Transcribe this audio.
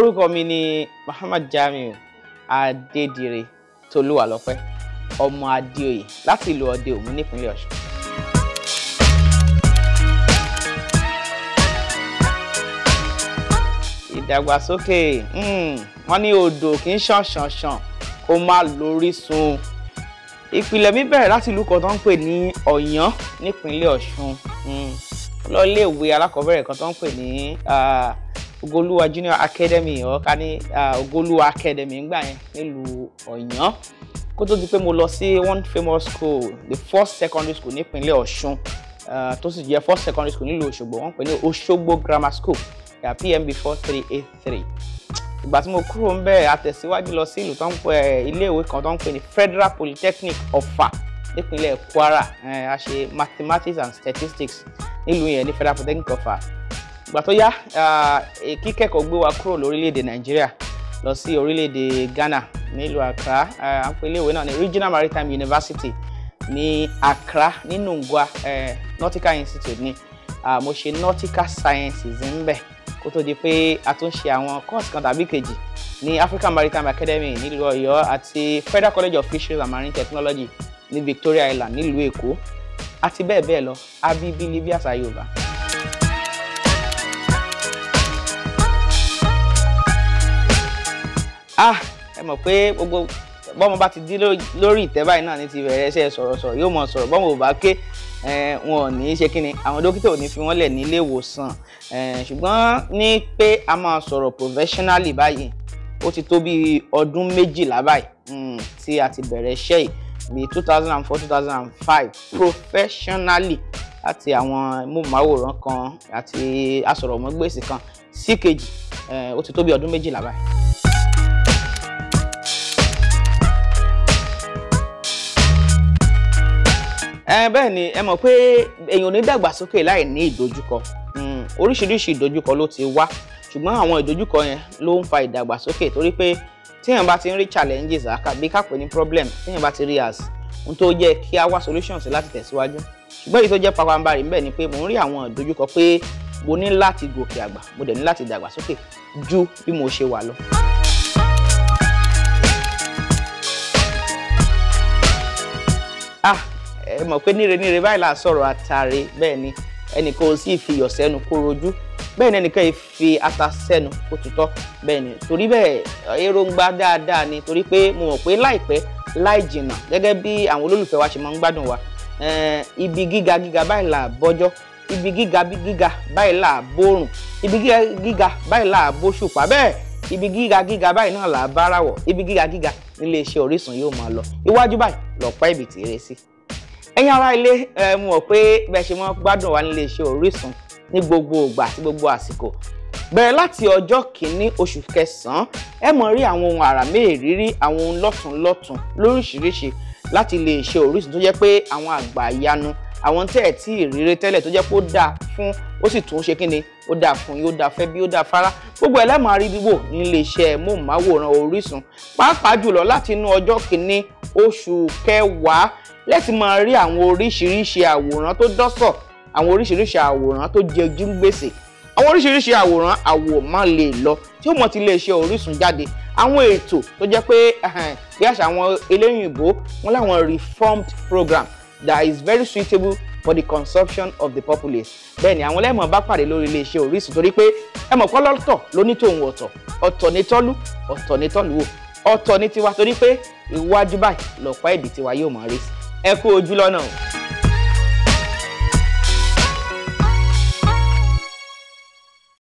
orúkọ mi ni Muhammad Jamiu Adédire Tolúwalọ́pẹ́ ọmọ Adéoyè láti ìlú Ọdẹ Òmu nípínlẹ̀ Ọ̀ṣun. ìdàgbàsókè hmm, wọ́n ní odò kì í ṣàn ṣàn ṣàn kó má lórí sun ìpìlẹ̀ mi bẹ̀rẹ̀ láti ìlú kan tó ń pè ní Ọ̀yán nípínlẹ̀ Ọ̀ṣun hmm, lọ iléèwé alákọ̀ọ́bẹ̀rẹ̀ kan tó ń pè ní ah, Ogoluwa Junior Academy or ká ní Ogoluwa Academy ńgbà yẹn nílùú Ọ̀yàn kó tó di pé mo lọ sí one famous school the first secondary school nípínlẹ̀ Ọ̀ṣun tó sì jẹ́ first secondary school nílùú Òṣogbo wọ́n pè ní Òṣogbo Grammar School ya PMB four three eight three ìgbà tí mo kúrò ń bẹ̀ àtẹ̀síwájú lọ sí ìlú tó ń pè iléèwé kan tó ń pè ní Federal Polytechnic Ọ̀fà nípínlẹ̀ Kwara a ṣe mathematics and statistics nílùú yẹn ní Federal Polytechnic Ọ̀fà ìgbà tó yá kíkẹ́kọ̀ọ́ gbé wa kúrò lórílẹ̀‐èdè nàìjíríà lọ sí orílẹ̀‐èdè ghana nílùú accra àpèléwé náà ní regional maritime university ní accra ní nùngwa nautical institute ní mo ṣe nautical sciences ń bẹ̀ kó tó di pé a tún ṣe àwọn course kan tàbí kejì ní african maritime academy nílùú ọ̀yọ́ àti federal college of fisheries and marine technology ní victoria island nílùú èkó àti bẹ́ẹ̀ bẹ́ẹ̀ lọ abíbí libya sayoba. ah ẹ mọ̀ pé gbogbo bọ́mọ bá ti dín lórí ìtẹ́ báyìí náà ní ti bẹ̀rẹ̀ iṣẹ́ sọ̀rọ̀sọ̀rọ̀ yóò mọ̀ sọ̀rọ̀ bọ́mọ ò bá ké wọn ò ní í ṣe kí ni àwọn dókítà ò ní fi wọ́n lẹ̀ nílé ìwòsàn ṣùgbọ́n ní pé a máa sọ̀rọ̀ professionally báyìí ó ti tó bí ọdún méjìlá báyìí hmm, tí a ti bẹ̀rẹ̀ iṣẹ́ yìí bí two thousand and four two thousand and five professionally láti àwọn móhùnmáwòrán kan àti asọ̀rọ̀mọ́gbèsì kan sí kejì ó ti tó bí ọdún méjìlá báyìí. bẹ́ẹ̀ ni ẹ mọ̀ pé èèyàn ní dàgbàsókè láì ní ìdojúkọ hmm, oríṣiríṣi ìdojúkọ ló ti wá ṣùgbọ́n àwọn ìdojúkọ yẹn ló ń fa ìdàgbàsókè torí pé tíyẹn bá ti ń rí challenges àkàbí kápẹ́ ní problem tíyẹn bá ti rí as ohun tó yẹ kí a wá solutions láti tẹ̀síwájú ṣùgbọ́n èyí tó jẹ́ pàpàǹbarì ńbẹ̀ ni pé mò ń rí àwọn ìdojúkọ pé mo ní láti gòkè àgbà mo dẹ̀ ní láti dàgbàsókè ju bí mo ṣe wà lọ. ah ẹ mọ̀ pé níre níre báyìí là sọ̀rọ̀ àtàrí bẹ́ẹ̀ ni ẹnìkan ò sì fi iyọ̀ sẹ́nu kó rojú bẹ́ẹ̀ ni ẹnìkan yìí fi ata sẹ́nu kó tutọ́ bẹ́ẹ̀ ni torí bẹ́ẹ̀ èròǹgbà dáadáa ni torí pé mo mọ̀ pé láìpẹ́ láì jìnnà gẹ́gẹ́ bí àwọn olólùfẹ́ wa ṣe máa ń gbádùn wa eh, ibi gíga gíga báyìí là bọ́jọ́ ibi gíga gíga báyìí là bórùn ibi gíga gíga báyìí là bóṣùpá bẹ́ẹ̀ ibi gíga gíga báyìí náà là bárawọ̀ ibi gíga gíga nílé Orísun yóò máa lọ iwájú báyìí lọ́pàá ìbìtì eré sí ẹ̀yin ará ilé ẹ mọ̀ pé bẹ́ẹ̀ ṣe máa gbádùn wa nílé iṣẹ́ Orísun ní gbogbo ìgbà àti gbogbo àsìkò bẹ̀rẹ̀ láti ọjọ́ kìíní oṣù kẹsàn-án ẹ mọ̀ rí àwọn ohun àrà mẹ́ẹ̀ẹ́rírí àwọn ohun lọ́tùnlọ́tùn lóríṣiríṣi láti lè ṣe Orísun tó jẹ́ pé àwọn àgbà ìyanu àwọn tẹ́ ẹ̀ tí ìrere tẹ́lẹ̀ tó jẹ́ pé ó dáa fún ó sì tún ṣe kíni ó dáa fún yín ó dáa fẹ́ bí ó dáa fara gbogbo ẹ̀ lẹ́ẹ̀mọ́ àríwíwò nílé iṣẹ́ móhùnmáwòrán Orísun pàápàá jùlọ láti inú ọjọ́ kìíní oṣù kẹwàá lẹ́sìn máa rí àwọn oríṣiríṣi àwòrán tó dọ́sọ̀ àwọn oríṣiríṣi àwòrán tó jẹ ojú ń gbèsè àwọn oríṣiríṣi àwòrán àwò má lè lọ tí ó mọ ti lè ṣe Orísun jáde àwọn ètò tó jẹ́ pé bí àṣà àwọn eléyìnbó wọn láwọn reformed program that is very suitable for the consumption of the populace. bẹ́ẹ̀ni àwọn lẹ́mọ̀ bá pàdé lórí iléeṣẹ́ Orísun torí pé ẹ mọ̀ kọ́lọ́tọ̀ ló ní tòun ọ̀tọ̀ ọ̀tọ̀ ní tọ́lú ọ̀tọ̀ ní tọ́lúwò ọ̀tọ̀ ní tiwa torí pé iwájú báyìí lọ̀pá èdè tiwa yóò máa rí sí ẹ kú ojú lọ́nà o.